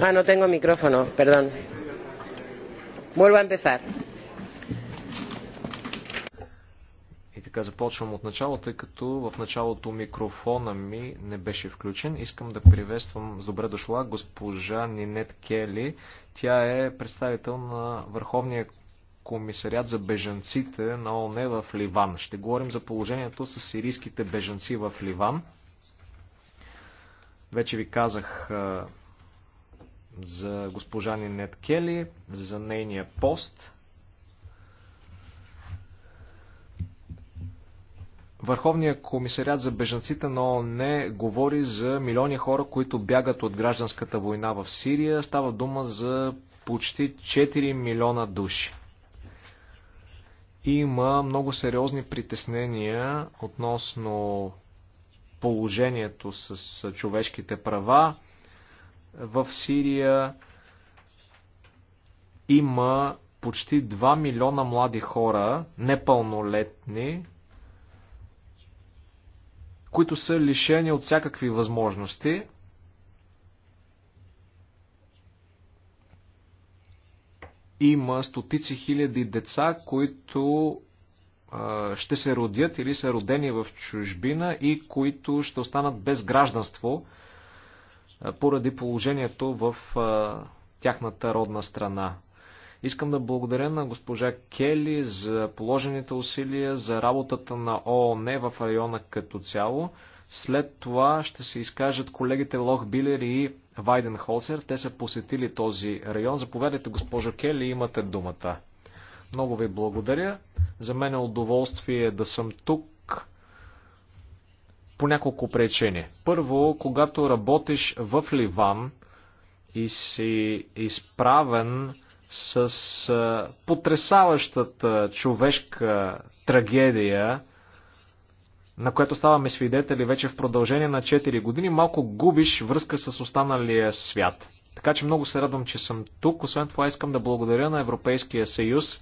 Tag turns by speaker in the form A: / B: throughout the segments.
A: Ah, no tengo micrófono, perdón.
B: Vuelvo a empezar. И така започвам от начало, тъй като в началото микрофона ми не беше включен. Искам да приветствам с добре дошла госпожа Нинет Кели. Тя е представител на Върховния комисарят за бежанците на ОНЕ в Ливан. Ще говорим за положението с сирийските бежанци в Ливан. Вече ви казах за госпожа Нинет Кели, за нейния пост. Върховният комисарят за бежанците на ООН говори за милиони хора, които бягат от гражданската война в Сирия. Става дума за почти 4 милиона души. Има много сериозни притеснения относно положението с човешките права в Сирия. Има почти 2 милиона млади хора, непълнолетни, които са лишени от всякакви възможности. Има стотици хиляди деца, които а, ще се родят или са родени в чужбина и които ще останат без гражданство поради положението в тяхната родна страна. Искам да благодаря на госпожа Кели за положените усилия, за работата на ООН в района като цяло. След това ще се изкажат колегите Лох Билер и Вайден Холсер. Те са посетили този район. Заповядайте, госпожо Кели, имате думата. Много ви благодаря. За мен е удоволствие да съм тук по няколко причини. Първо, когато работиш в Ливан и си изправен с а, потрясаващата човешка трагедия, на която ставаме свидетели вече в продължение на 4 години, малко губиш връзка с останалия свят. Така че много се радвам, че съм тук. Освен това искам да благодаря на Европейския съюз,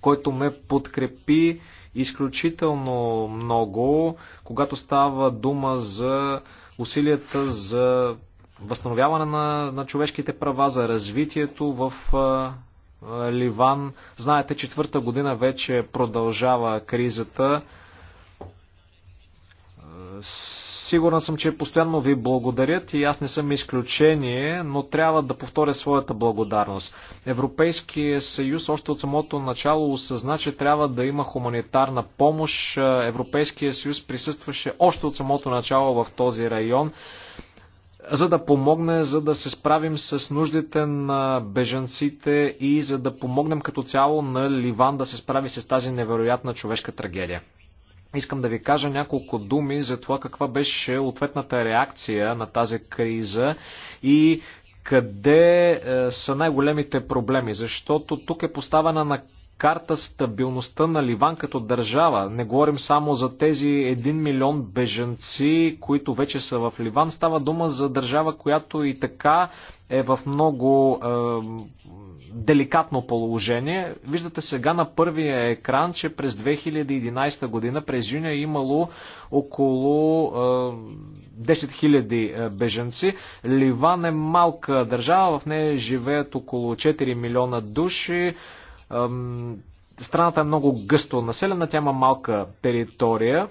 B: който ме подкрепи изключително много, когато става дума за усилията за възстановяване на, на човешките права, за развитието в а, а, Ливан. Знаете, четвърта година вече продължава кризата. С Сигурен съм, че постоянно ви благодарят и аз не съм изключение, но трябва да повторя своята благодарност. Европейския съюз още от самото начало осъзна, че трябва да има хуманитарна помощ. Европейския съюз присъстваше още от самото начало в този район за да помогне, за да се справим с нуждите на бежанците и за да помогнем като цяло на Ливан да се справи с тази невероятна човешка трагедия. Искам да ви кажа няколко думи за това каква беше ответната реакция на тази криза и къде е, са най-големите проблеми, защото тук е поставена на карта стабилността на Ливан като държава. Не говорим само за тези 1 милион беженци, които вече са в Ливан. Става дума за държава, която и така е в много е, деликатно положение. Виждате сега на първия екран, че през 2011 година, през юни е имало около е, 10 000 беженци. Ливан е малка държава, в нея живеят около 4 милиона души. Е, страната е много гъсто населена, тя има малка територия.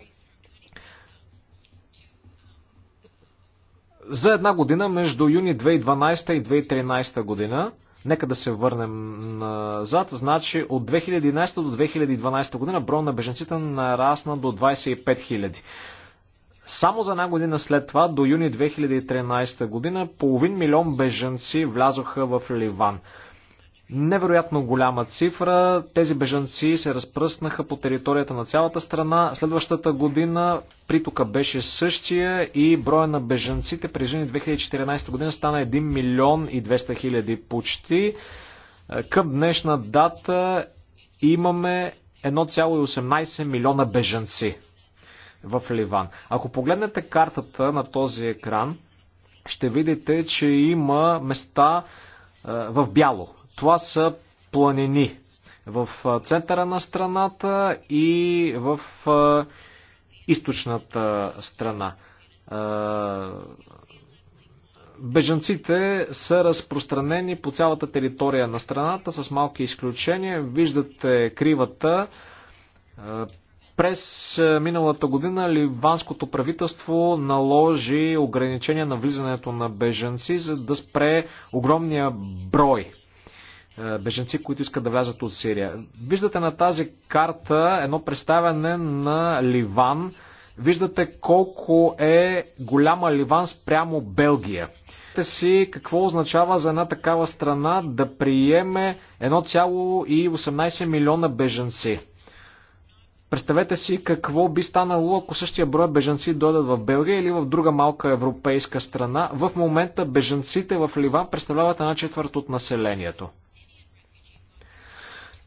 B: за една година между юни 2012 и 2013 година. Нека да се върнем назад. Значи от 2011 до 2012 година броя на беженците нарасна до 25 000. Само за една година след това, до юни 2013 година, половин милион беженци влязоха в Ливан невероятно голяма цифра. Тези бежанци се разпръснаха по територията на цялата страна. Следващата година притока беше същия и броя на бежанците през жени 2014 година стана 1 милион и 200 хиляди почти. Към днешна дата имаме 1,18 милиона бежанци в Ливан. Ако погледнете картата на този екран, ще видите, че има места в бяло, това са планини в центъра на страната и в източната страна. Бежанците са разпространени по цялата територия на страната, с малки изключения. Виждате кривата. През миналата година ливанското правителство наложи ограничения на влизането на бежанци, за да спре огромния брой е, беженци, които искат да влязат от Сирия. Виждате на тази карта едно представяне на Ливан. Виждате колко е голяма Ливан спрямо Белгия. Вижте си какво означава за една такава страна да приеме 1,18 милиона беженци. Представете си какво би станало, ако същия брой бежанци дойдат в Белгия или в друга малка европейска страна. В момента бежанците в Ливан представляват една четвърт от населението.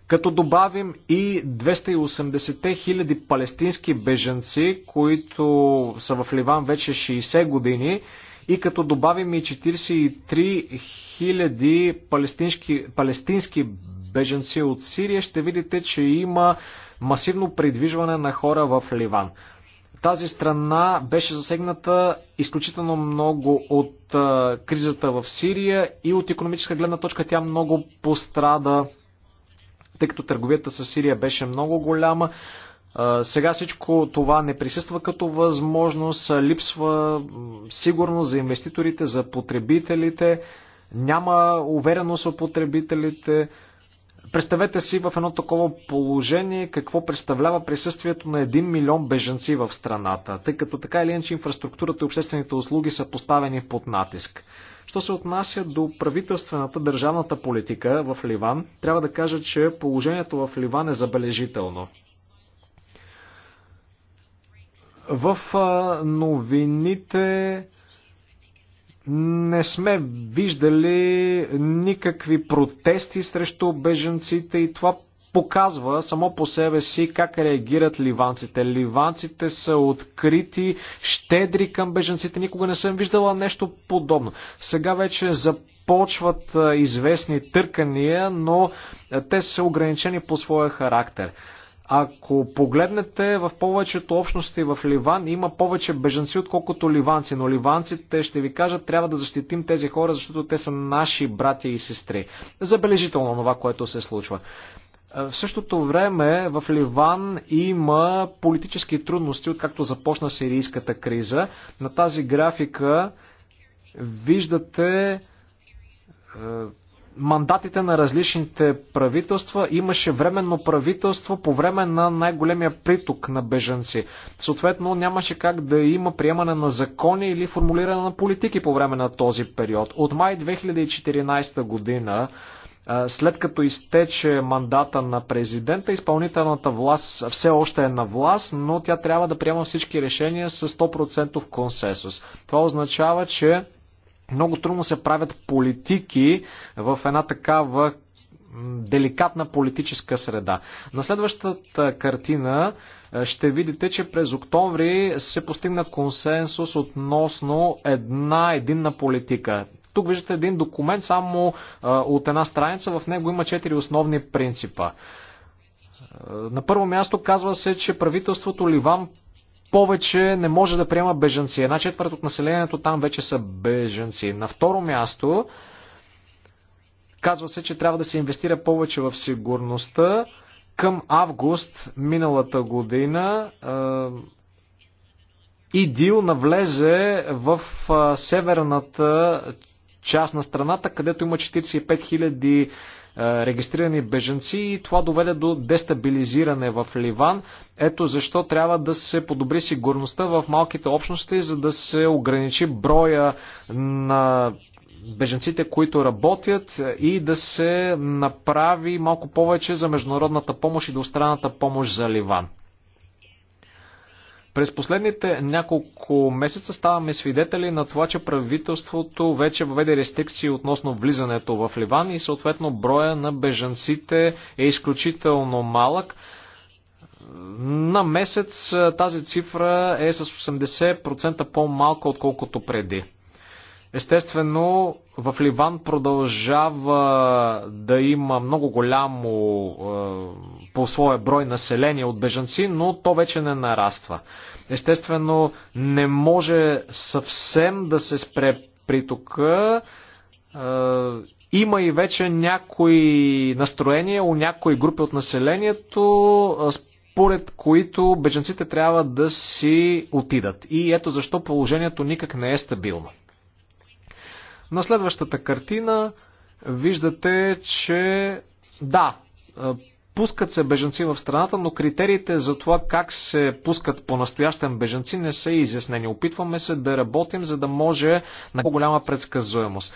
B: Като добавим и 280 хиляди палестински беженци, които са в Ливан вече 60 години, и като добавим и 43 хиляди палестински, палестински беженци от Сирия, ще видите, че има масивно придвижване на хора в Ливан. Тази страна беше засегната изключително много от а, кризата в Сирия и от економическа гледна точка тя много пострада тъй като търговията с Сирия беше много голяма. Сега всичко това не присъства като възможност, липсва сигурност за инвеститорите, за потребителите, няма увереност от потребителите. Представете си в едно такова положение какво представлява присъствието на 1 милион беженци в страната, тъй като така или иначе инфраструктурата и обществените услуги са поставени под натиск. Що се отнася до правителствената държавната политика в Ливан, трябва да кажа, че положението в Ливан е забележително. В новините не сме виждали никакви протести срещу беженците и това показва само по себе си как реагират ливанците. Ливанците са открити, щедри към беженците. Никога не съм виждала нещо подобно. Сега вече започват известни търкания, но те са ограничени по своя характер. Ако погледнете в повечето общности в Ливан, има повече бежанци, отколкото ливанци. Но ливанците ще ви кажат, трябва да защитим тези хора, защото те са наши братя и сестри. Забележително това, което се случва. Е, в същото време в Ливан има политически трудности, откакто започна сирийската криза. На тази графика виждате е, мандатите на различните правителства. Имаше временно правителство по време на най-големия приток на бежанци. Съответно, нямаше как да има приемане на закони или формулиране на политики по време на този период. От май 2014 година след като изтече мандата на президента, изпълнителната власт все още е на власт, но тя трябва да приема всички решения с 100% консенсус. Това означава, че много трудно се правят политики в една такава деликатна политическа среда. На следващата картина ще видите, че през октомври се постигна консенсус относно една единна политика. Тук виждате един документ, само от една страница. В него има четири основни принципа. На първо място казва се, че правителството Ливан повече не може да приема бежанци. Една четвърт от населението там вече са бежанци. На второ място казва се, че трябва да се инвестира повече в сигурността. Към август миналата година ИДИЛ навлезе в северната част на страната, където има 45 000 е, регистрирани бежанци и това доведе до дестабилизиране в Ливан. Ето защо трябва да се подобри сигурността в малките общности, за да се ограничи броя на беженците, които работят и да се направи малко повече за международната помощ и двустранната помощ за Ливан. През последните няколко месеца ставаме свидетели на това, че правителството вече въведе рестрикции относно влизането в Ливан и съответно броя на бежанците е изключително малък. На месец тази цифра е с 80% по-малка, отколкото преди. Естествено, в Ливан продължава да има много голямо по своя брой население от бежанци, но то вече не нараства. Естествено, не може съвсем да се спре притока. Е, има и вече някои настроения у някои групи от населението, е, според които бежанците трябва да си отидат. И ето защо положението никак не е стабилно. На следващата картина виждате, че да, е, Пускат се бежанци в страната, но критериите за това как се пускат по-настоящен бежанци не са изяснени. Опитваме се да работим, за да може на по-голяма предсказуемост.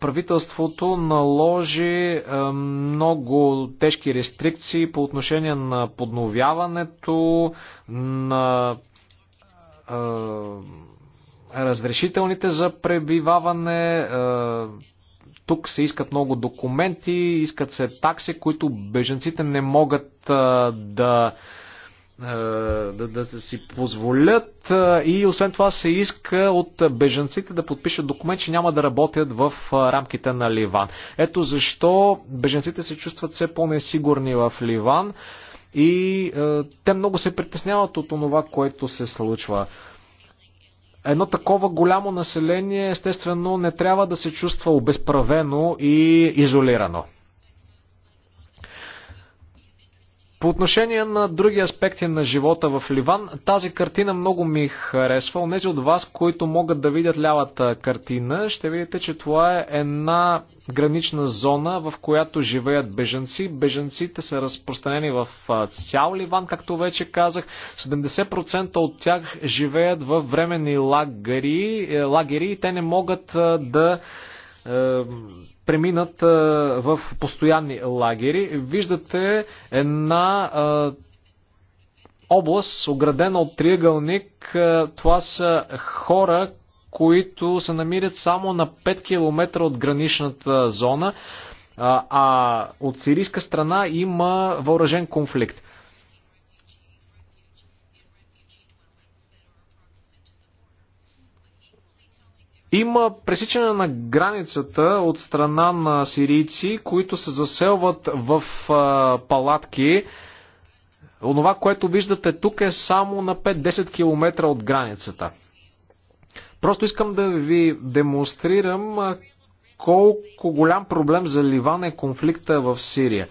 B: Правителството наложи е, много тежки рестрикции по отношение на подновяването, на е, разрешителните за пребиваване, е, тук се искат много документи, искат се такси, които беженците не могат да, да, да си позволят и освен това се иска от бежанците да подпишат документ, че няма да работят в рамките на Ливан. Ето защо бежанците се чувстват все по-несигурни в Ливан и а, те много се притесняват от това, което се случва едно такова голямо население естествено не трябва да се чувства обезправено и изолирано. По отношение на други аспекти на живота в Ливан, тази картина много ми харесва. Онези от вас, които могат да видят лявата картина, ще видите, че това е една гранична зона, в която живеят бежанци. Бежанците са разпространени в цял Ливан, както вече казах. 70% от тях живеят в временни лагери, е, лагери и те не могат да е, преминат в постоянни лагери. Виждате една област, оградена от триъгълник. Това са хора, които се намират само на 5 км от граничната зона, а от сирийска страна има въоръжен конфликт. Има пресичане на границата от страна на сирийци, които се заселват в а, палатки. Онова, което виждате тук е само на 5-10 км от границата. Просто искам да ви демонстрирам колко голям проблем за Ливан е конфликта в Сирия.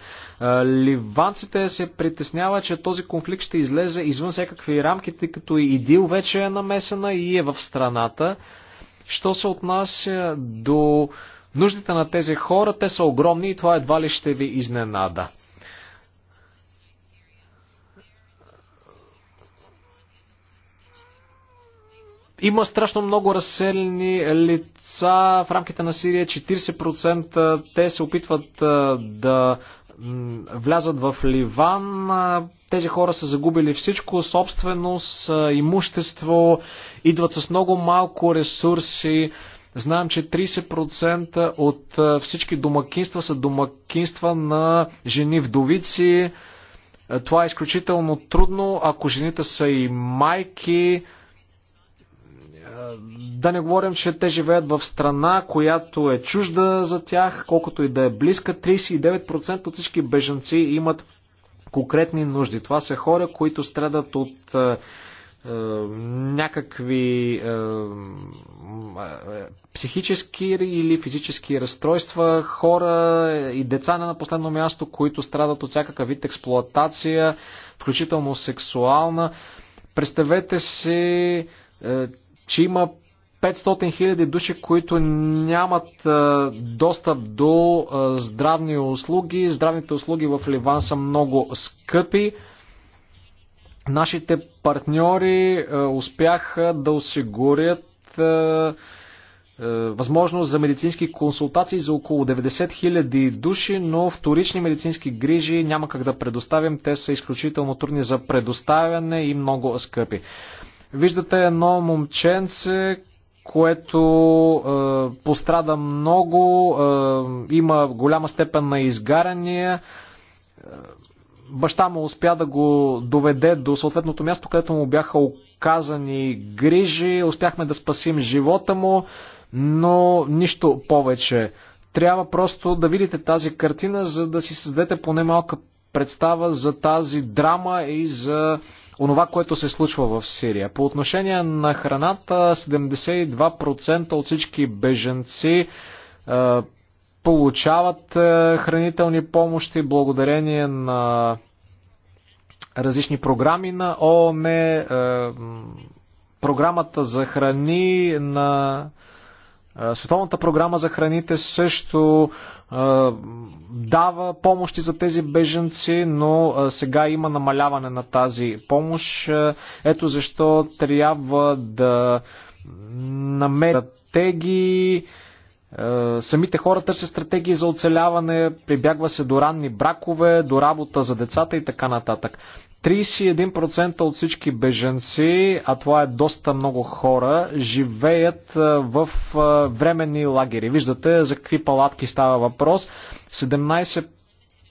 B: Ливанците се притесняват, че този конфликт ще излезе извън всякакви рамки, тъй като и ИДИЛ вече е намесена и е в страната. Що се отнася до нуждите на тези хора, те са огромни и това едва ли ще ви изненада. Има страшно много разселени лица в рамките на Сирия, 40%. Те се опитват да влязат в Ливан, тези хора са загубили всичко, собственост, имущество, идват с много малко ресурси. Знаем, че 30% от всички домакинства са домакинства на жени вдовици. Това е изключително трудно, ако жените са и майки, да не говорим, че те живеят в страна, която е чужда за тях, колкото и да е близка. 39% от всички бежанци имат конкретни нужди. Това са хора, които страдат от е, е някакви е, е, психически или физически разстройства, хора и деца не на последно място, които страдат от всякакъв вид експлоатация, включително сексуална. Представете си, е, че има 500 000 души, които нямат достъп до здравни услуги. Здравните услуги в Ливан са много скъпи. Нашите партньори успяха да осигурят възможност за медицински консултации за около 90 000 души, но вторични медицински грижи няма как да предоставим. Те са изключително трудни за предоставяне и много скъпи. Виждате едно момченце, което е, пострада много, е, има голяма степен на изгаряния. Е, баща му успя да го доведе до съответното място, където му бяха оказани грижи, успяхме да спасим живота му, но нищо повече. Трябва просто да видите тази картина, за да си създадете поне малка представа за тази драма и за онова, което се случва в Сирия. По отношение на храната, 72% от всички беженци е, получават е, хранителни помощи благодарение на различни програми на ООН, е, програмата за храни на Световната програма за храните също дава помощи за тези беженци, но сега има намаляване на тази помощ. Ето защо трябва да намерят теги. Самите хора търсят стратегии за оцеляване, прибягва се до ранни бракове, до работа за децата и така нататък. 31% от всички беженци, а това е доста много хора, живеят в временни лагери. Виждате за какви палатки става въпрос. 17,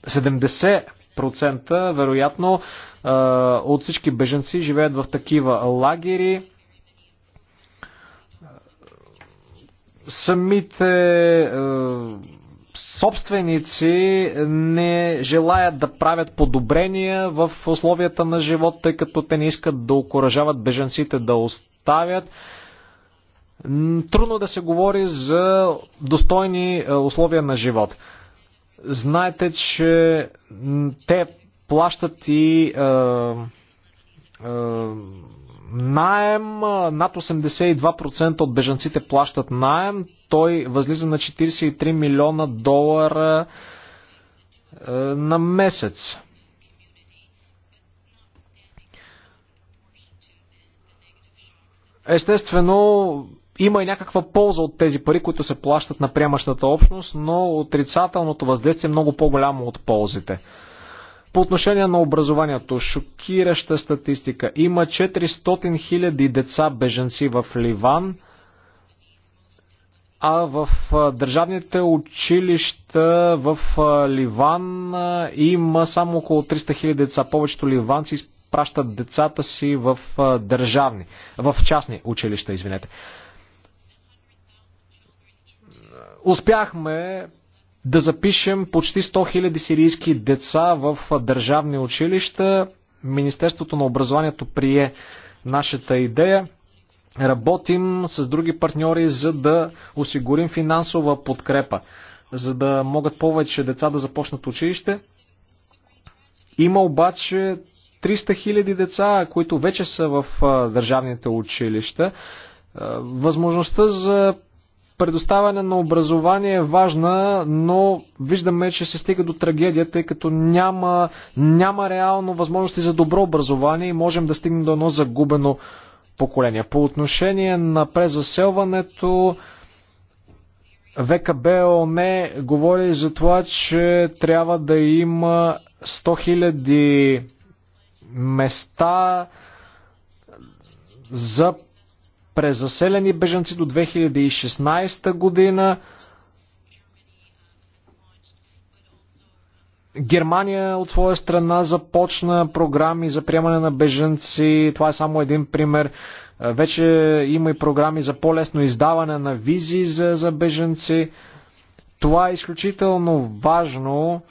B: 70% вероятно от всички беженци живеят в такива лагери. Самите собственици не желаят да правят подобрения в условията на живот, тъй като те не искат да окоръжават беженците да оставят. Трудно да се говори за достойни е, условия на живот. Знаете, че те плащат и е, е, Наем, над 82% от бежанците плащат наем. Той възлиза на 43 милиона долара на месец. Естествено, има и някаква полза от тези пари, които се плащат на приемащата общност, но отрицателното въздействие е много по-голямо от ползите. По отношение на образованието, шокираща статистика. Има 400 000 деца беженци в Ливан, а в държавните училища в Ливан има само около 300 000 деца. Повечето ливанци изпращат децата си в държавни, в частни училища, извинете. Успяхме да запишем почти 100 000 сирийски деца в държавни училища. Министерството на образованието прие нашата идея. Работим с други партньори, за да осигурим финансова подкрепа, за да могат повече деца да започнат училище. Има обаче 300 000 деца, които вече са в държавните училища. Възможността за предоставяне на образование е важна, но виждаме, че се стига до трагедия, тъй като няма, няма реално възможности за добро образование и можем да стигнем до едно загубено поколение. По отношение на презаселването, ВКБ ООН говори за това, че трябва да има 100 000 места за презаселени бежанци до 2016 година. Германия от своя страна започна програми за приемане на бежанци. Това е само един пример. Вече има и програми за по-лесно издаване на визи за, за бежанци. Това е изключително важно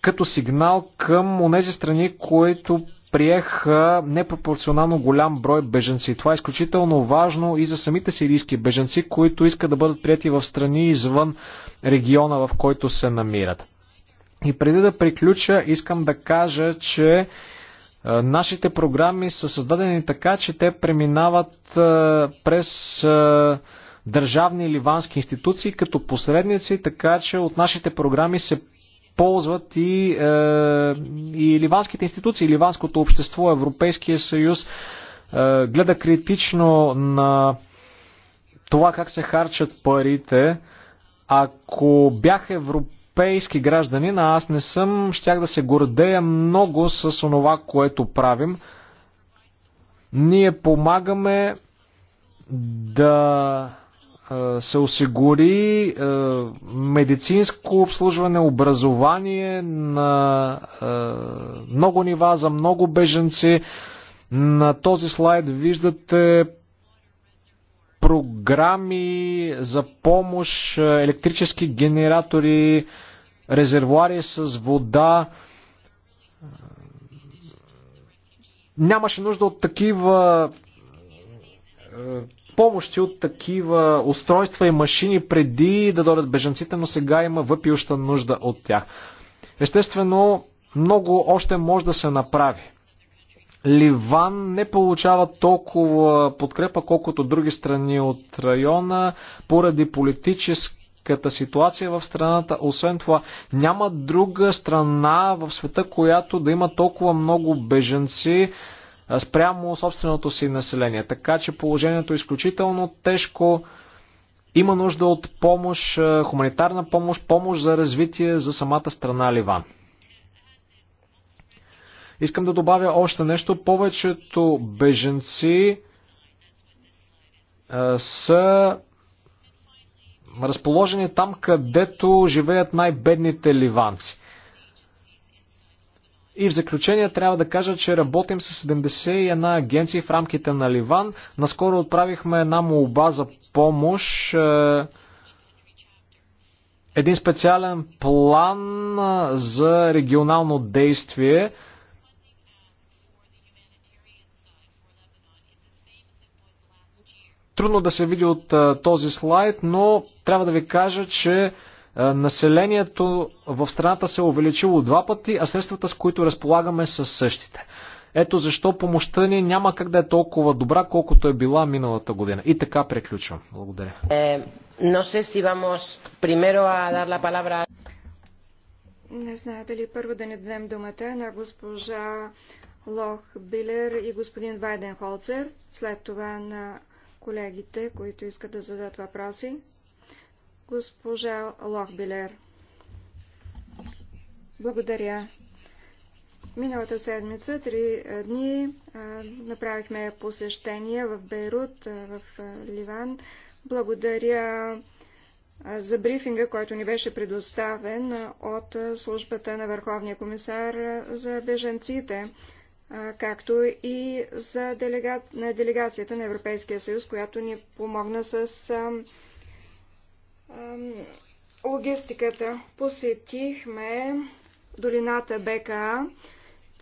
B: като сигнал към онези страни, които приех непропорционално голям брой беженци. Това е изключително важно и за самите сирийски беженци, които искат да бъдат прияти в страни извън региона, в който се намират. И преди да приключа, искам да кажа, че е, нашите програми са създадени така, че те преминават е, през е, държавни ливански институции като посредници, така че от нашите програми се ползват и, е, и ливанските институции, и ливанското общество, Европейския съюз е, гледа критично на това как се харчат парите. Ако бях европейски гражданин, а аз не съм, щях да се гордея много с онова, което правим. Ние помагаме да се осигури медицинско обслужване, образование на много нива за много беженци. На този слайд виждате програми за помощ, електрически генератори, резервуари с вода. Нямаше нужда от такива помощи от такива устройства и машини преди да дойдат бежанците, но сега има въпиуща нужда от тях. Естествено, много още може да се направи. Ливан не получава толкова подкрепа, колкото други страни от района, поради политическата ситуация в страната. Освен това, няма друга страна в света, която да има толкова много беженци, спрямо собственото си население. Така че положението е изключително тежко. Има нужда от помощ, хуманитарна помощ, помощ за развитие за самата страна Ливан. Искам да добавя още нещо. Повечето беженци са разположени там, където живеят най-бедните ливанци. И в заключение трябва да кажа, че работим с 71 агенции в рамките на Ливан. Наскоро отправихме една молба за помощ. Е, един специален план е, за регионално действие. Трудно да се види от е, този слайд, но трябва да ви кажа, че е, населението в страната се е увеличило два пъти, а средствата, с които разполагаме, са същите. Ето защо помощта ни няма как да е толкова добра, колкото е била миналата година. И така приключвам. Благодаря. Е,
A: не знае дали първо да не дадем думата на госпожа Лох Билер и господин Вайден Холцер, след това на колегите, които искат да зададат въпроси госпожа Лохбилер. Благодаря. Миналата седмица, три дни, направихме посещение в Бейрут, в Ливан. Благодаря за брифинга, който ни беше предоставен от службата на Върховния комисар за беженците, както и за делега... на делегацията на Европейския съюз, която ни помогна с логистиката. Посетихме долината БКА.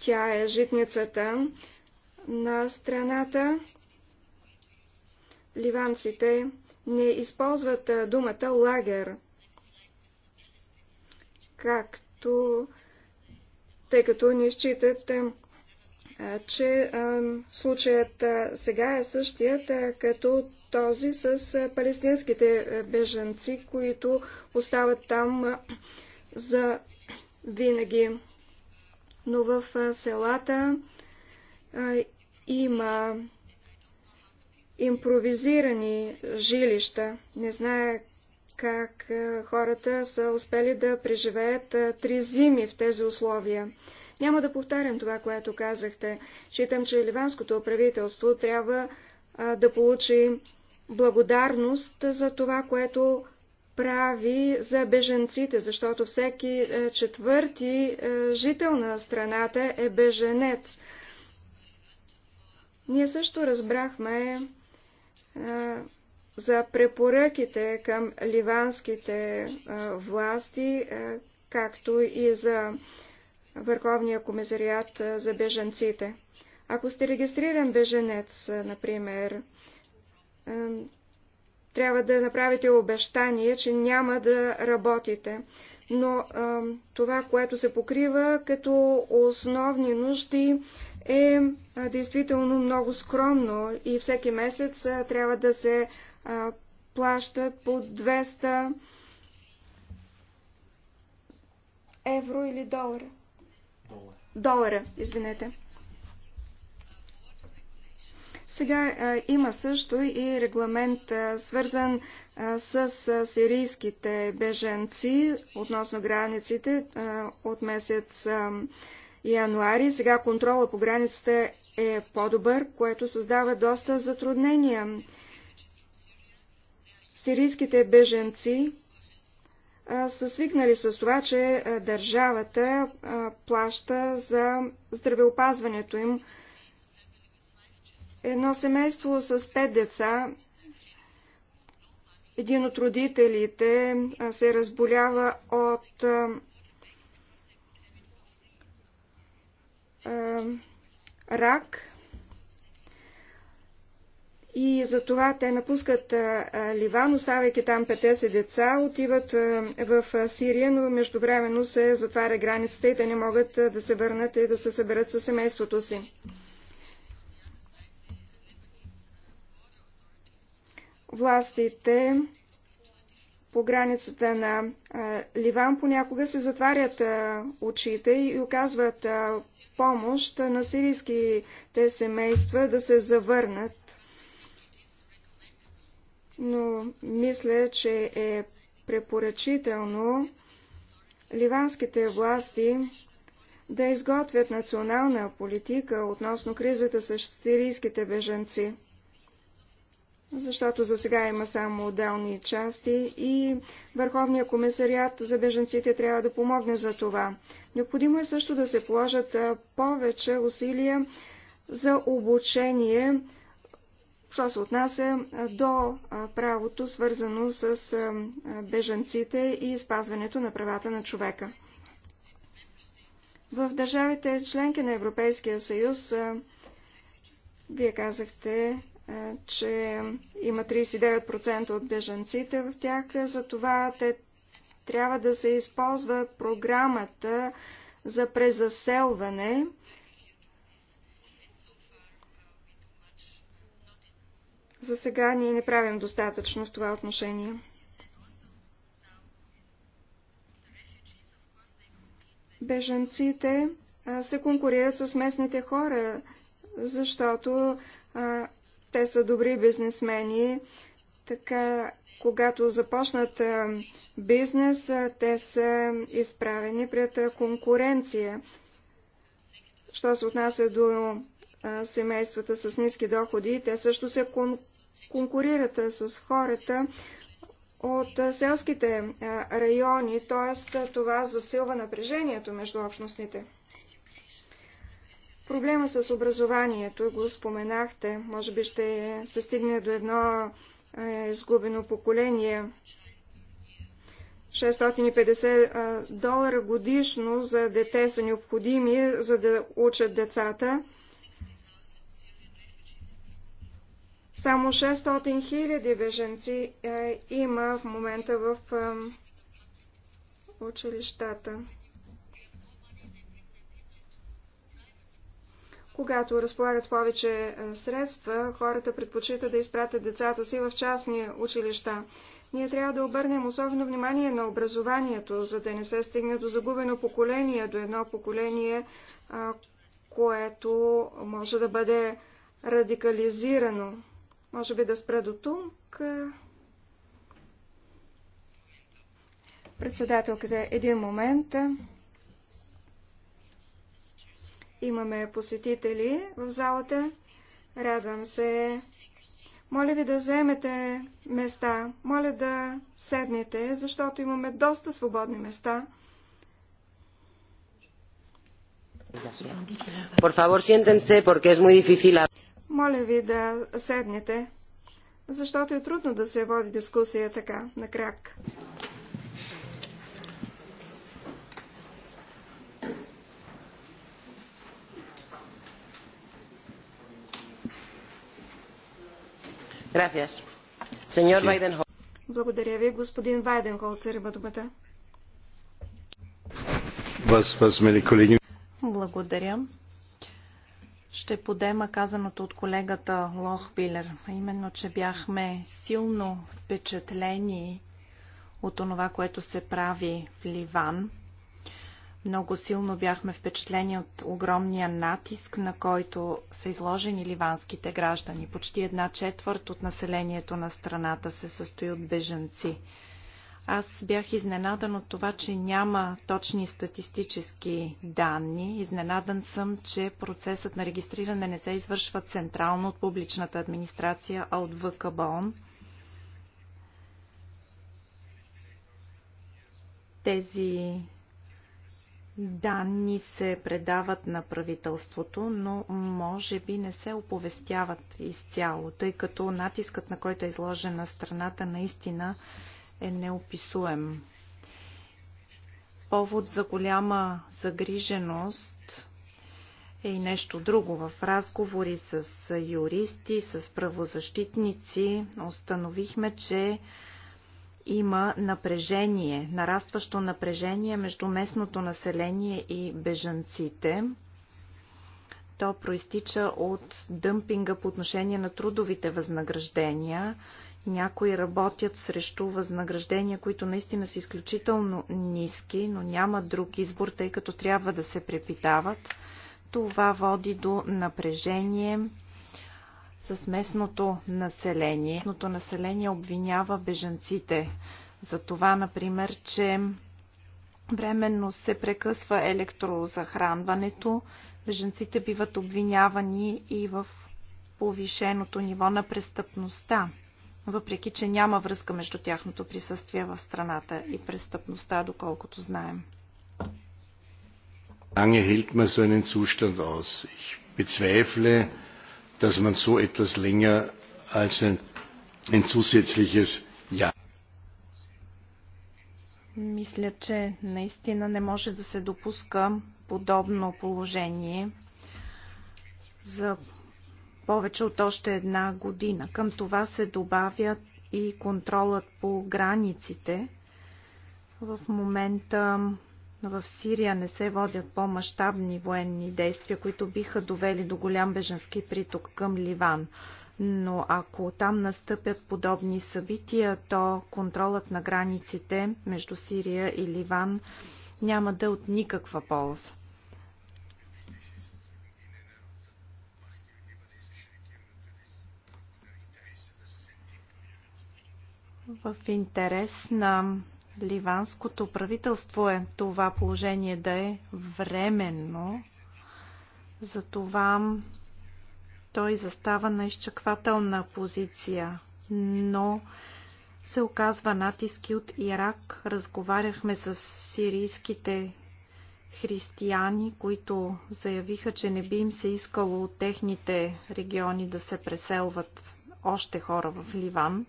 A: Тя е житницата на страната. Ливанците не използват думата лагер, както тъй като не считат, че случаят сега е същият като този с палестинските беженци, които остават там за винаги. Но в селата има импровизирани жилища. Не знае как хората са успели да преживеят три зими в тези условия. Няма да повтарям това, което казахте. Считам, че ливанското правителство трябва а, да получи благодарност за това, което прави за беженците, защото всеки е, четвърти е, жител на страната е беженец. Ние също разбрахме а, е, за препоръките към ливанските а, власти, а, както и за Върховния комисариат за беженците. Ако сте регистриран беженец, например, трябва да направите обещание, че няма да работите. Но това, което се покрива като основни нужди, е действително много скромно и всеки месец трябва да се плащат под 200 евро или долара долара. Извинете. Сега а, има също и регламент, а, свързан а, с а, сирийските беженци относно границите а, от месец а, януари. Сега контрола по границите е по-добър, което създава доста затруднения. Сирийските беженци са свикнали с това, че държавата плаща за здравеопазването им. Едно семейство с пет деца, един от родителите се разболява от рак и затова те напускат Ливан, оставяйки там пете си деца, отиват в Сирия, но междувременно се затваря границата и те не могат да се върнат и да се съберат със семейството си. Властите по границата на Ливан понякога се затварят очите и оказват помощ на сирийските семейства да се завърнат но мисля, че е препоръчително ливанските власти да изготвят национална политика относно кризата с сирийските беженци, защото за сега има само отделни части и Върховният комисариат за беженците трябва да помогне за това. Необходимо е също да се положат повече усилия за обучение що се отнася до правото, свързано с бежанците и спазването на правата на човека. В държавите членки на Европейския съюз, вие казахте, че има 39% от бежанците в тях, затова те трябва да се използва програмата за презаселване За сега ние не правим достатъчно в това отношение. Беженците се конкурират с местните хора, защото а, те са добри бизнесмени. Така, когато започнат а, бизнес, а, те са изправени пред а, конкуренция. Що се отнася до а, семействата с ниски доходи, те също се кон- Конкурирате с хората от селските райони, т.е. това засилва напрежението между общностните. Проблема с образованието, го споменахте, може би ще се стигне до едно изгубено поколение. 650 долара годишно за дете са необходими, за да учат децата. Само 600 хиляди беженци е, има в момента в е, училищата. Когато разполагат с повече е, средства, хората предпочитат да изпратят децата си в частни училища. Ние трябва да обърнем особено внимание на образованието, за да не се стигне до загубено поколение, до едно поколение, е, което може да бъде радикализирано. Може би да спра до тук. Председателката, един момент. Имаме посетители в залата. Радвам се. Моля ви да вземете места. Моля да седнете, защото имаме доста свободни места. Por favor, siéntense porque es muy difícil. Моля ви да седнете, защото е трудно да се води дискусия така, на крак. Благодаря ви, господин Вайденхолцер, има думата.
C: Благодаря. Ще подема казаното от колегата Лохбилер, именно, че бяхме силно впечатлени от това, което се прави в Ливан. Много силно бяхме впечатлени от огромния натиск, на който са изложени ливанските граждани. Почти една четвърт от населението на страната се състои от беженци. Аз бях изненадан от това, че няма точни статистически данни. Изненадан съм, че процесът на регистриране не се извършва централно от публичната администрация, а от ВКБОН. Тези данни се предават на правителството, но може би не се оповестяват изцяло, тъй като натискът, на който е изложена страната, наистина е е неописуем. Повод за голяма загриженост е и нещо друго. В разговори с юристи, с правозащитници установихме, че има напрежение, нарастващо напрежение между местното население и бежанците. То проистича от дъмпинга по отношение на трудовите възнаграждения някои работят срещу възнаграждения, които наистина са изключително ниски, но няма друг избор, тъй като трябва да се препитават. Това води до напрежение с местното население. Местното население обвинява бежанците за това, например, че временно се прекъсва електрозахранването. Бежанците биват обвинявани и в повишеното ниво на престъпността въпреки че няма връзка между тяхното присъствие в страната и престъпността, доколкото знаем. Lange hält man so einen Zustand aus. Ich bezweifle, dass man so etwas länger als ein, ein zusätzliches Ja. Мисля, че наистина не може да се допуска подобно положение за повече от още една година. Към това се добавят и контролът по границите. В момента в Сирия не се водят по-масштабни военни действия, които биха довели до голям беженски приток към Ливан. Но ако там настъпят подобни събития, то контролът на границите между Сирия и Ливан няма да е от никаква полза. В интерес на ливанското правителство е това положение да е временно. Затова той застава на изчаквателна позиция, но се оказва натиски от Ирак. Разговаряхме с сирийските християни, които заявиха, че не би им се искало от техните региони да се преселват още хора в Ливан.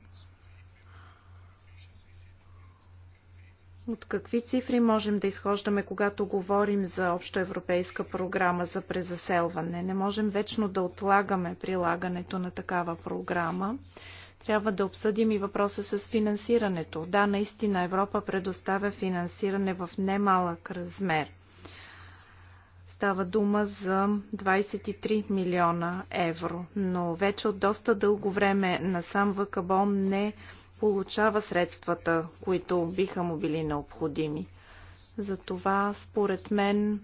C: От какви цифри можем да изхождаме, когато говорим за общоевропейска програма за презаселване? Не можем вечно да отлагаме прилагането на такава програма. Трябва да обсъдим и въпроса с финансирането. Да, наистина Европа предоставя финансиране в немалък размер. Става дума за 23 милиона евро, но вече от доста дълго време насам ВКБОН не получава средствата, които биха му били необходими. Затова, според мен,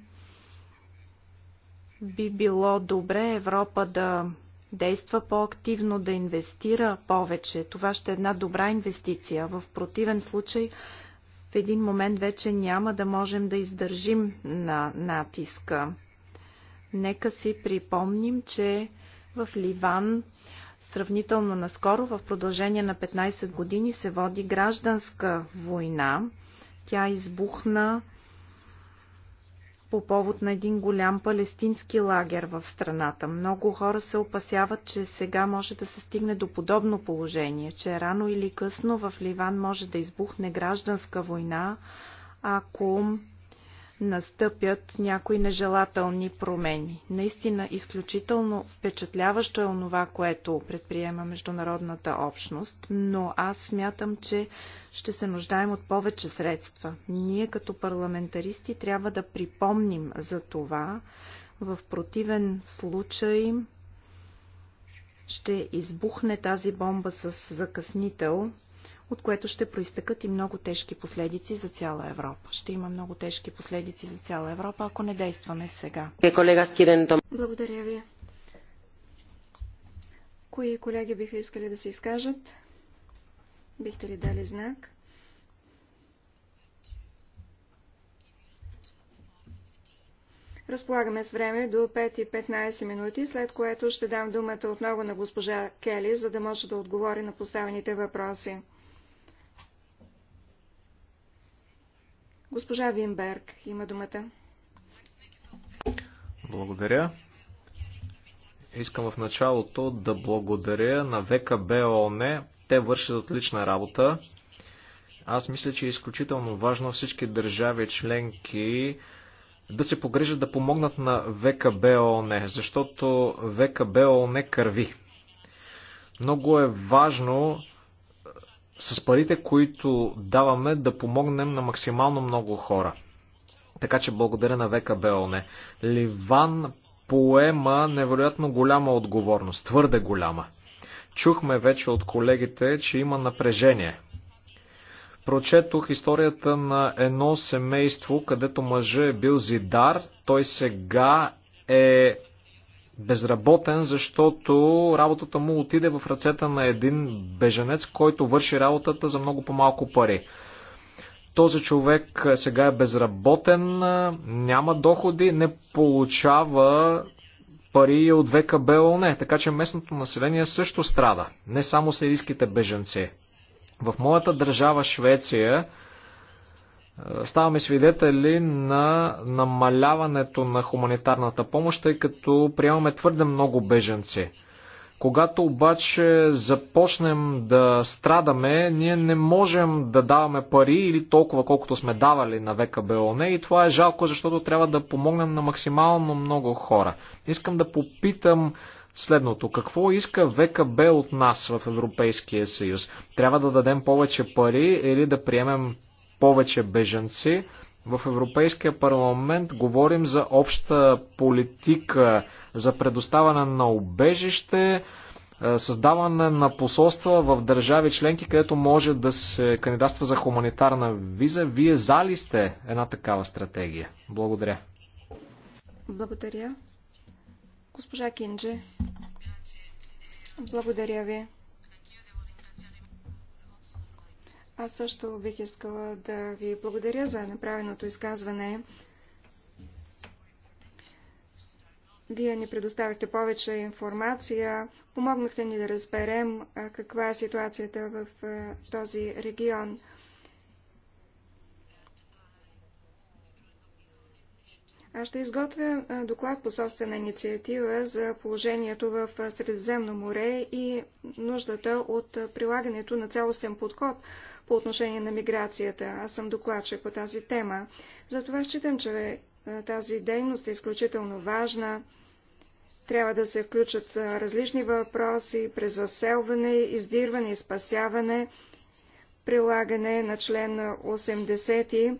C: би било добре Европа да действа по-активно, да инвестира повече. Това ще е една добра инвестиция. В противен случай, в един момент вече няма да можем да издържим на натиска. Нека си припомним, че в Ливан Сравнително наскоро, в продължение на 15 години, се води гражданска война. Тя избухна по повод на един голям палестински лагер в страната. Много хора се опасяват, че сега може да се стигне до подобно положение, че рано или късно в Ливан може да избухне гражданска война, ако настъпят някои нежелателни промени. Наистина изключително впечатляващо е онова, което предприема международната общност, но аз смятам, че ще се нуждаем от повече средства. Ние като парламентаристи трябва да припомним за това. В противен случай ще избухне тази бомба с закъснител от което ще проистъкат и много тежки последици за цяла Европа. Ще има много тежки последици за цяла Европа, ако не действаме сега.
A: Благодаря ви. Кои колеги биха искали да се изкажат? Бихте ли дали знак? Разполагаме с време до 5 и 15 минути, след което ще дам думата отново на госпожа Кели, за да може да отговори на поставените въпроси. Госпожа Винберг има думата.
B: Благодаря. Искам в началото да благодаря на ВКБ ООН. Е. Те вършат отлична работа. Аз мисля, че е изключително важно всички държави членки да се погрежат да помогнат на ВКБ ООН, е, защото ВКБ ООН е кърви. Много е важно с парите, които даваме, да помогнем на максимално много хора. Така че благодаря на ВКБ ОНЕ. Ливан поема невероятно голяма отговорност, твърде голяма. Чухме вече от колегите, че има напрежение. Прочетох историята на едно семейство, където мъжът е бил зидар, той сега е безработен, защото работата му отиде в ръцете на един беженец, който върши работата за много по-малко пари. Този човек сега е безработен, няма доходи, не получава пари от ВКБ ОНЕ, така че местното население също страда, не само сирийските беженци. В моята държава Швеция ставаме свидетели на намаляването на хуманитарната помощ, тъй като приемаме твърде много беженци. Когато обаче започнем да страдаме, ние не можем да даваме пари или толкова колкото сме давали на ВКБОН и това е жалко, защото трябва да помогнем на максимално много хора. Искам да попитам следното. Какво иска ВКБ от нас в Европейския съюз? Трябва да дадем повече пари или да приемем повече бежанци. В Европейския парламент говорим за обща политика за предоставане на обежище, е, създаване на посолства в държави членки, където може да се кандидатства за хуманитарна виза. Вие за ли сте една такава стратегия? Благодаря.
A: Благодаря. Госпожа Кинджи. Благодаря ви. Аз също бих искала да ви благодаря за направеното изказване. Вие ни предоставихте повече информация, помогнахте ни да разберем каква е ситуацията в този регион. Аз ще изготвя доклад по собствена инициатива за положението в Средиземно море и нуждата от прилагането на цялостен подход по отношение на миграцията. Аз съм докладчик по тази тема. Затова считам, че тази дейност е изключително важна. Трябва да се включат различни въпроси през заселване, издирване и спасяване, прилагане на член 80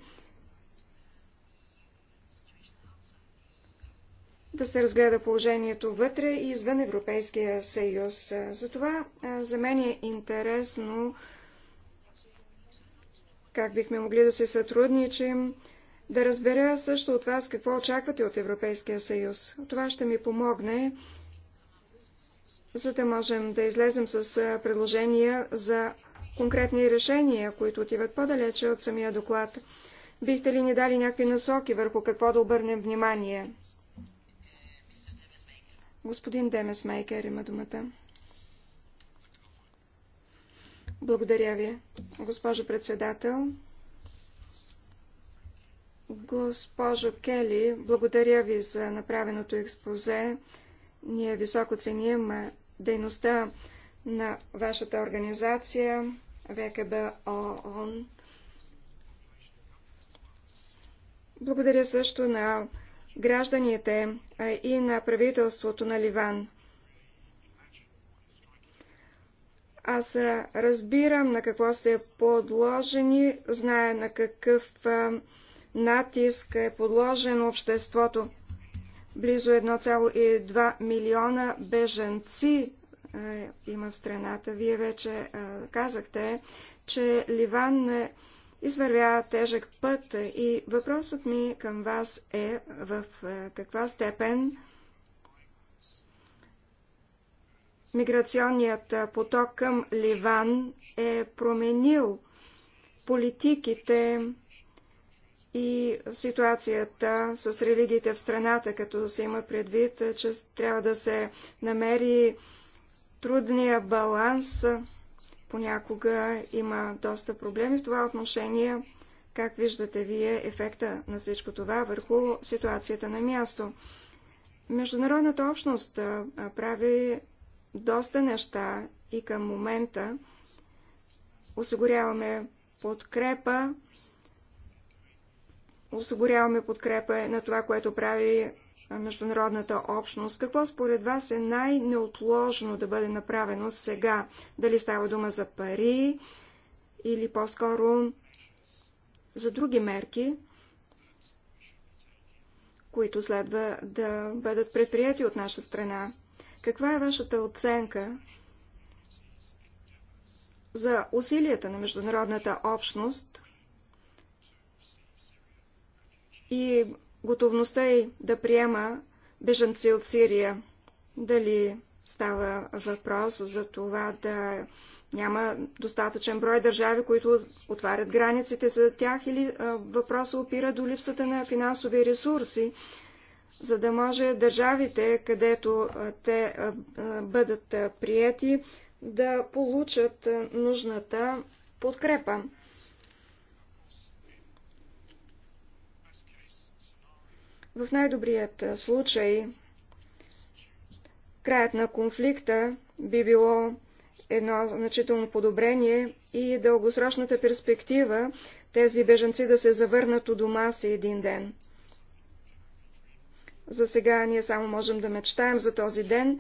A: да се разгледа положението вътре и извън Европейския съюз. Затова за мен е интересно как бихме могли да се сътрудничим, да разбера също от вас какво очаквате от Европейския съюз. Това ще ми помогне, за да можем да излезем с предложения за конкретни решения, които отиват по-далече от самия доклад. Бихте ли ни дали някакви насоки върху какво да обърнем внимание? Господин Демес Майкер има думата. Благодаря ви, госпожо председател. Госпожо Кели, благодаря ви за направеното експозе. Ние високо ценим дейността на вашата организация ВКБ ООН. Благодаря също на гражданите и на правителството на Ливан. Аз разбирам на какво сте подложени, зная на какъв натиск е подложено обществото. Близо 1,2 милиона беженци има в страната. Вие вече казахте, че Ливан е извървя тежък път и въпросът ми към вас е в е, каква степен миграционният поток към Ливан е променил политиките и ситуацията с религиите в страната, като се има предвид, че трябва да се намери трудния баланс понякога има доста проблеми в това отношение. Как виждате вие ефекта на всичко това върху ситуацията на място? Международната общност прави доста неща и към момента осигуряваме подкрепа, осигуряваме подкрепа на това, което прави международната общност. Какво според вас е най-неотложно да бъде направено сега? Дали става дума за пари или по-скоро за други мерки, които следва да бъдат предприяти от наша страна? Каква е вашата оценка за усилията на международната общност и готовността й да приема бежанци от Сирия. Дали става въпрос за това да няма достатъчен брой държави, които отварят границите за тях или въпросът опира до липсата на финансови ресурси, за да може държавите, където те бъдат приети, да получат нужната подкрепа. В най-добрият случай краят на конфликта би било едно значително подобрение и дългосрочната перспектива тези беженци да се завърнат у дома си един ден. За сега ние само можем да мечтаем за този ден.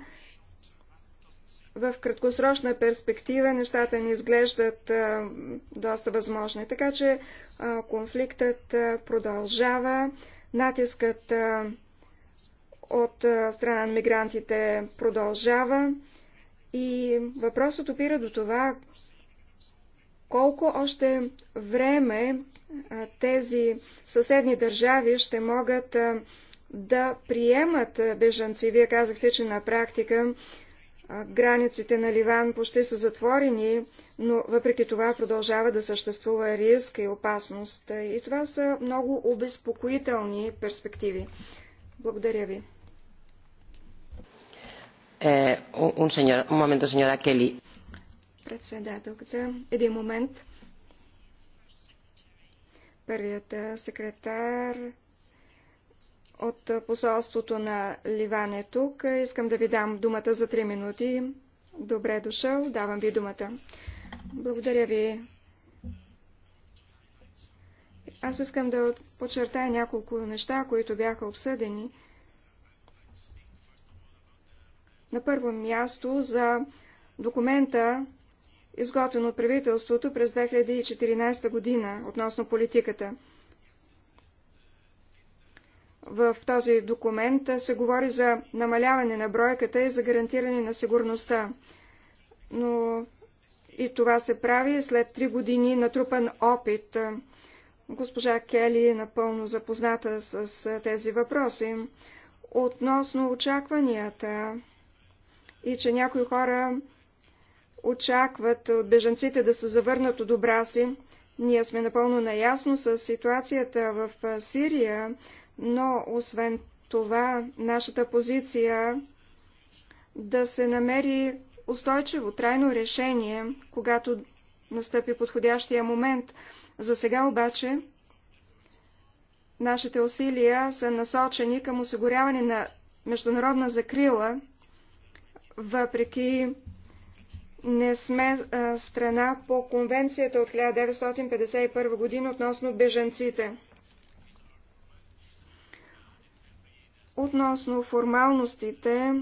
A: В краткосрочна перспектива нещата ни изглеждат а, доста възможни, така че а, конфликтът а, продължава. Натискът от страна на мигрантите продължава и въпросът опира до това колко още време тези съседни държави ще могат да приемат бежанци. Вие казахте, че на практика Границите на Ливан почти са затворени, но въпреки това продължава да съществува риск и опасност. И това са много обезпокоителни перспективи. Благодаря ви.
C: Е, un señor, un momento, señora Kelly.
A: Председателката, един момент. Първият секретар от посолството на Ливан е тук. Искам да ви дам думата за 3 минути. Добре дошъл, давам ви думата. Благодаря ви. Аз искам да подчертая няколко неща, които бяха обсъдени. На първо място за документа, изготвен от правителството през 2014 година относно политиката. В този документ се говори за намаляване на бройката и за гарантиране на сигурността. Но и това се прави след три години натрупан опит. Госпожа Кели е напълно запозната с тези въпроси. Относно очакванията и че някои хора очакват от бежанците да се завърнат от добра си, ние сме напълно наясно с ситуацията в Сирия, но освен това нашата позиция да се намери устойчиво, трайно решение, когато настъпи подходящия момент. За сега обаче нашите усилия са насочени към осигуряване на международна закрила, въпреки не сме а, страна по конвенцията от 1951 година относно беженците. Относно формалностите,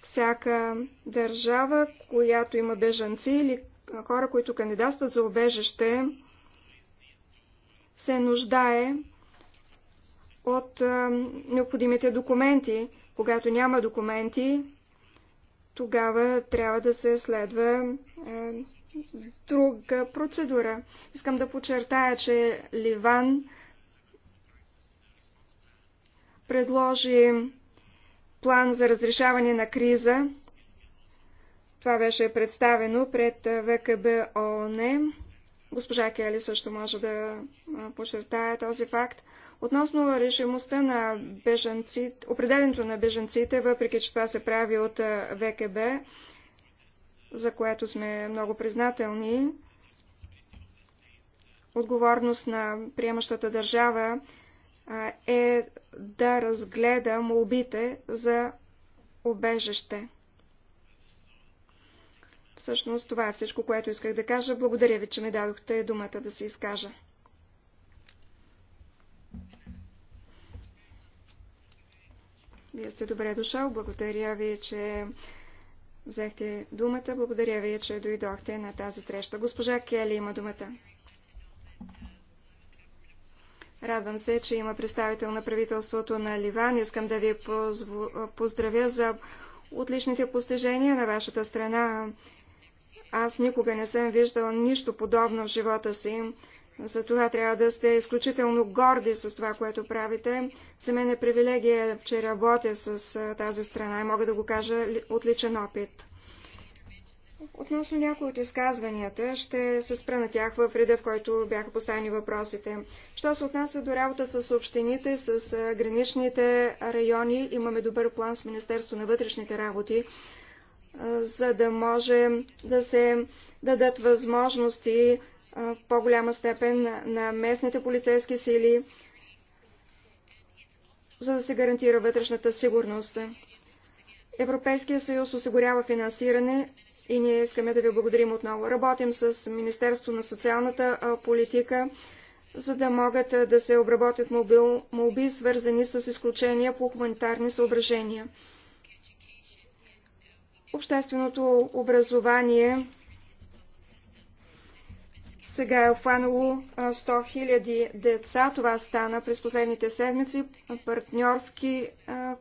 A: всяка държава, която има бежанци или хора, които кандидатстват за обежище, се нуждае от а, необходимите документи. Когато няма документи, тогава трябва да се следва а, друга процедура. Искам да подчертая, че Ливан предложи план за разрешаване на криза. Това беше представено пред ВКБ ООН. Е. Госпожа Кели също може да подчертая този факт. Относно решимостта на бежанците, определенето на бежанците, въпреки че това се прави от ВКБ, за което сме много признателни, отговорност на приемащата държава е да разгледа молбите за обежище. Всъщност това е всичко, което исках да кажа. Благодаря ви, че ми дадохте думата да се изкажа. Вие сте добре дошъл. Благодаря ви, че взехте думата. Благодаря ви, че дойдохте на тази среща. Госпожа Кели има думата. Радвам се, че има представител на правителството на Ливан. Искам да ви поздравя за отличните постижения на вашата страна. Аз никога не съм виждал нищо подобно в живота си. Затова трябва да сте изключително горди с това, което правите. За мен е привилегия, че работя с тази страна и мога да го кажа отличен опит. Относно някои от изказванията, ще се спра на тях в реда, в който бяха поставени въпросите. Що се отнася до работа с общините, с граничните райони, имаме добър план с Министерство на вътрешните работи, за да може да се дадат възможности в по-голяма степен на местните полицейски сили, за да се гарантира вътрешната сигурност. Европейския съюз осигурява финансиране и ние искаме да ви благодарим отново. Работим с Министерство на социалната политика, за да могат да се обработят мобил, молби, свързани с изключения по хуманитарни съображения. Общественото образование сега е обхванало 100 000 деца. Това стана през последните седмици. Партньорски,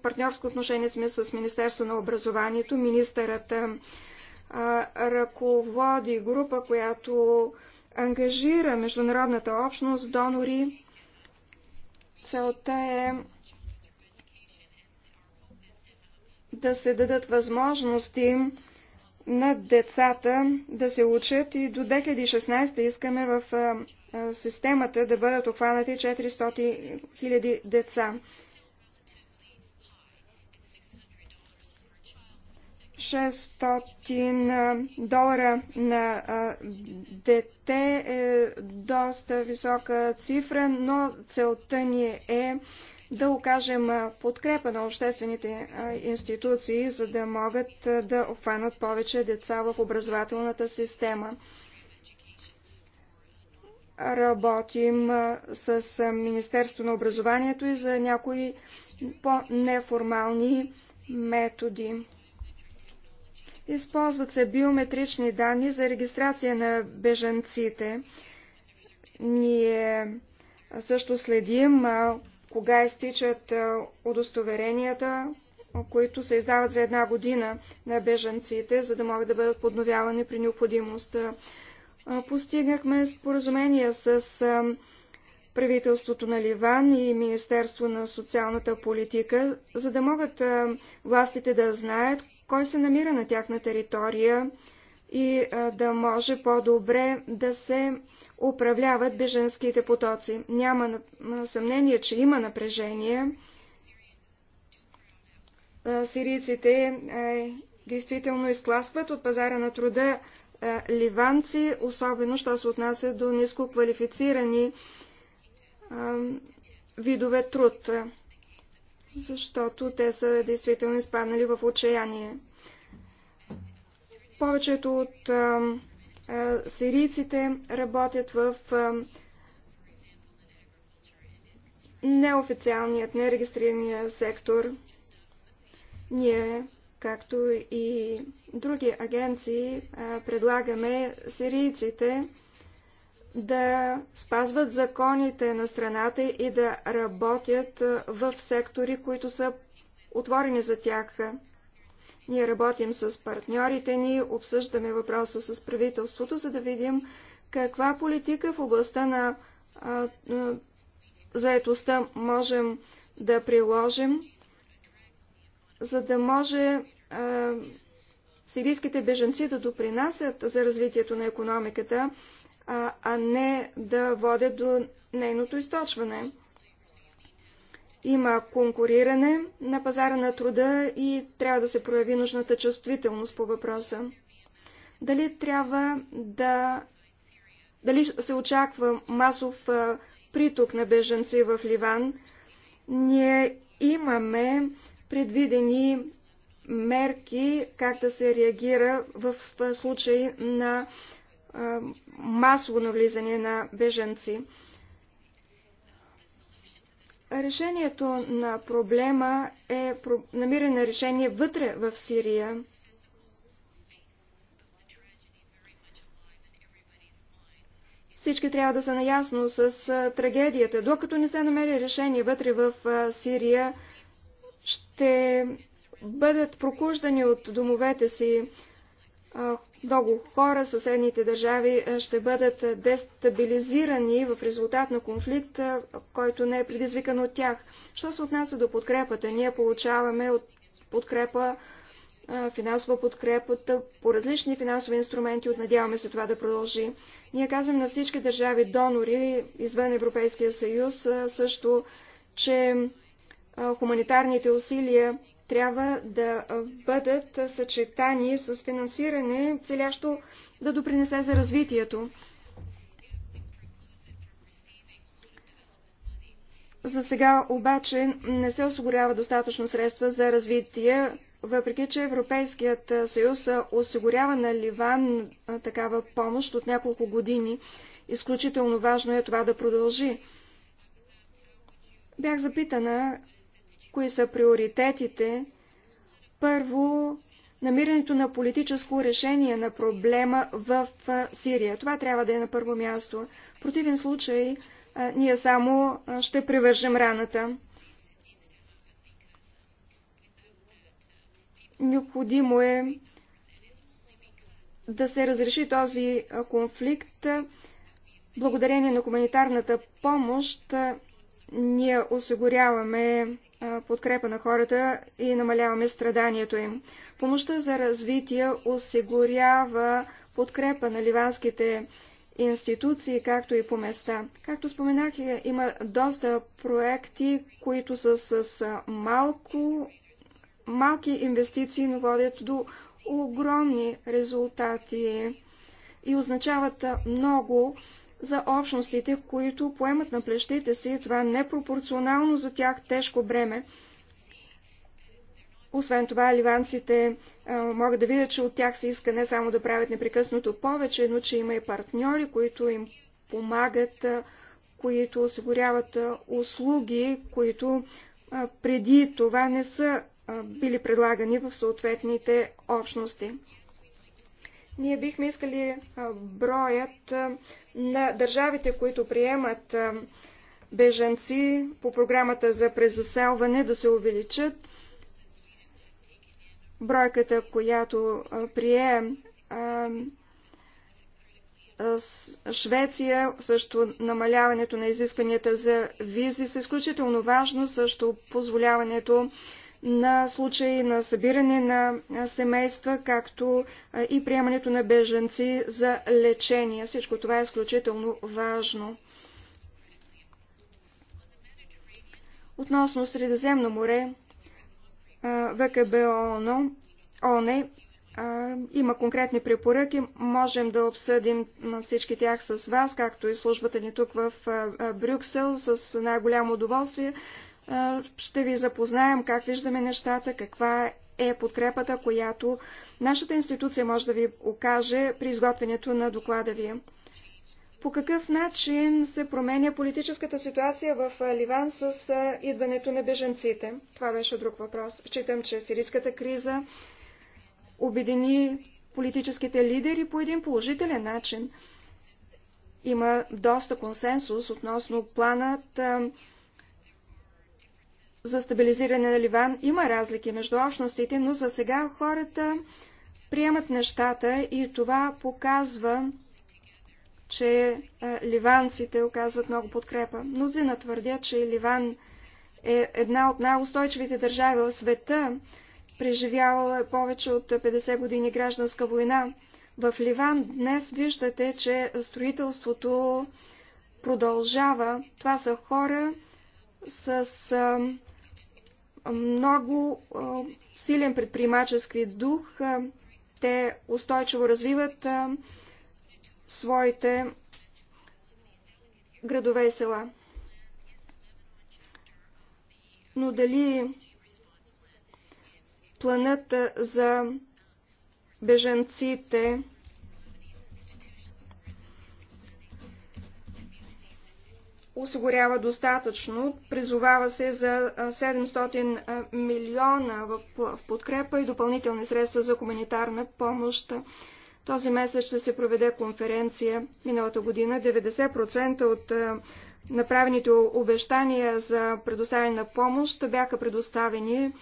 A: партньорско отношение сме с Министерство на образованието. Министърът ръководи група, която ангажира международната общност, донори. Целта е да се дадат възможности на децата да се учат и до 2016 искаме в системата да бъдат обхванати 400 000 деца. 600 долара на дете е доста висока цифра, но целта ни е да окажем подкрепа на обществените институции, за да могат да обхванат повече деца в образователната система. Работим с Министерство на образованието и за някои по-неформални методи. Използват се биометрични данни за регистрация на бежанците. Ние също следим кога изтичат удостоверенията, които се издават за една година на бежанците, за да могат да бъдат подновявани при необходимост. Постигнахме споразумение с правителството на Ливан и Министерство на социалната политика, за да могат властите да знаят кой се намира на тяхна територия и да може по-добре да се управляват беженските потоци. Няма съмнение, че има напрежение. Сирийците действително изкласват от пазара на труда ливанци, особено що се отнася до нискоквалифицирани квалифицирани видове труд, защото те са действително изпаднали в отчаяние. Повечето от сирийците работят в неофициалният, нерегистрирания сектор. Ние, както и други агенции, предлагаме сирийците да спазват законите на страната и да работят в сектори, които са отворени за тях. Ние работим с партньорите ни, обсъждаме въпроса с правителството, за да видим каква политика в областта на заетостта можем да приложим, за да може сирийските беженци да допринасят за развитието на економиката а не да водят до нейното източване. Има конкуриране на пазара на труда и трябва да се прояви нужната чувствителност по въпроса. Дали трябва да... Дали се очаква масов приток на беженци в Ливан? Ние имаме предвидени мерки как да се реагира в случай на масово навлизане на беженци. Решението на проблема е намиране на решение вътре в Сирия. Всички трябва да са наясно с трагедията. Докато не се намери решение вътре в Сирия, ще бъдат прокуждани от домовете си много хора, съседните държави ще бъдат дестабилизирани в резултат на конфликт, който не е предизвикан от тях. Що се отнася до подкрепата? Ние получаваме от подкрепа, финансова подкрепата по различни финансови инструменти. отнадяваме се това да продължи. Ние казваме на всички държави донори извън Европейския съюз също, че хуманитарните усилия трябва да бъдат съчетани с финансиране, целящо да допринесе за развитието. За сега обаче не се осигурява достатъчно средства за развитие, въпреки че Европейският съюз осигурява на Ливан такава помощ от няколко години. Изключително важно е това да продължи. Бях запитана кои са приоритетите. Първо, намирането на политическо решение на проблема в Сирия. Това трябва да е на първо място. В противен случай, ние само ще привържем раната. Необходимо е да се разреши този конфликт благодарение на хуманитарната помощ ние осигуряваме подкрепа на хората и намаляваме страданието им. Помощта за развитие осигурява подкрепа на ливанските институции, както и по места. Както споменах, е, има доста проекти, които са с малко, малки инвестиции, но водят до огромни резултати и означават много за общностите, които поемат на плещите си това непропорционално за тях тежко бреме. Освен това, ливанците могат да видят, че от тях се иска не само да правят непрекъснато повече, но че има и партньори, които им помагат, които осигуряват услуги, които преди това не са били предлагани в съответните общности. Ние бихме искали броят на държавите, които приемат бежанци по програмата за презаселване да се увеличат. Бройката, която прие Швеция, също намаляването на изискванията за визи са изключително важно, също позволяването на случаи на събиране на семейства, както и приемането на беженци за лечение. Всичко това е изключително важно. Относно Средиземно море, ВКБОНО, ОНЕ, има конкретни препоръки. Можем да обсъдим всички тях с вас, както и службата ни тук в Брюксел, с най-голямо удоволствие ще ви запознаем как виждаме нещата, каква е подкрепата, която нашата институция може да ви окаже при изготвянето на доклада ви. По какъв начин се променя политическата ситуация в Ливан с идването на беженците? Това беше друг въпрос. Считам, че сирийската криза обедини политическите лидери по един положителен начин. Има доста консенсус относно планът за стабилизиране на Ливан. Има разлики между общностите, но за сега хората приемат нещата и това показва, че е, ливанците оказват много подкрепа. Мнозина твърдят, че Ливан е една от най-устойчивите държави в света, преживяла е повече от 50 години гражданска война. В Ливан днес виждате, че строителството продължава. Това са хора с е, много силен предприемачески дух. Те устойчиво развиват своите градове и села. Но дали планът за беженците? осигурява достатъчно. Призовава се за 700 милиона в подкрепа и допълнителни средства за хуманитарна помощ. Този месец ще се проведе конференция. Миналата година 90% от направените обещания за предоставяне на помощ бяха предоставени.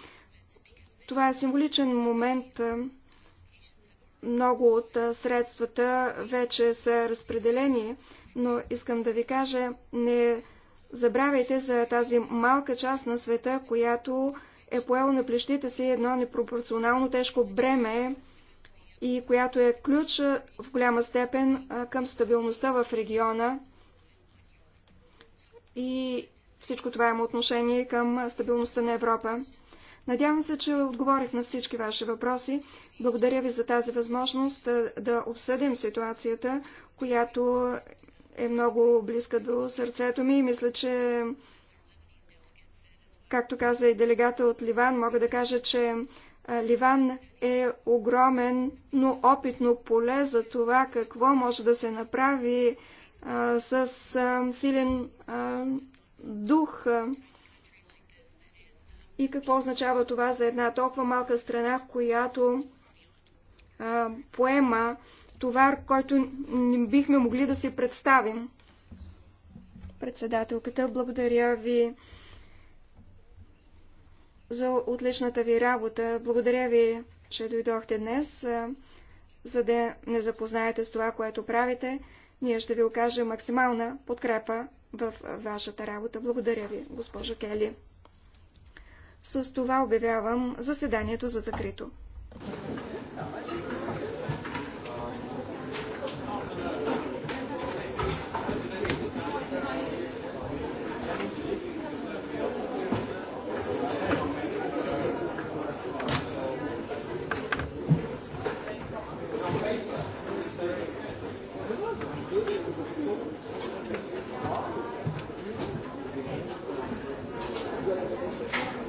A: Това е символичен момент. Много от средствата вече са разпределени но искам да ви кажа, не забравяйте за тази малка част на света, която е поела на плещите си едно непропорционално тежко бреме и която е ключ в голяма степен към стабилността в региона. И всичко това има отношение към стабилността на Европа. Надявам се, че отговорих на всички ваши въпроси. Благодаря ви за тази възможност да обсъдим ситуацията, която е много близка до сърцето ми и мисля, че, както каза и делегата от Ливан, мога да кажа, че Ливан е огромен, но опитно поле за това какво може да се направи а, с а, силен а, дух. И какво означава това за една толкова малка страна, която а, поема товар, който не бихме могли да си представим. Председателката, благодаря ви за отличната ви работа. Благодаря ви, че дойдохте днес, за да не запознаете с това, което правите. Ние ще ви окажем максимална подкрепа в вашата работа. Благодаря ви, госпожо Кели. С това обявявам заседанието за закрито.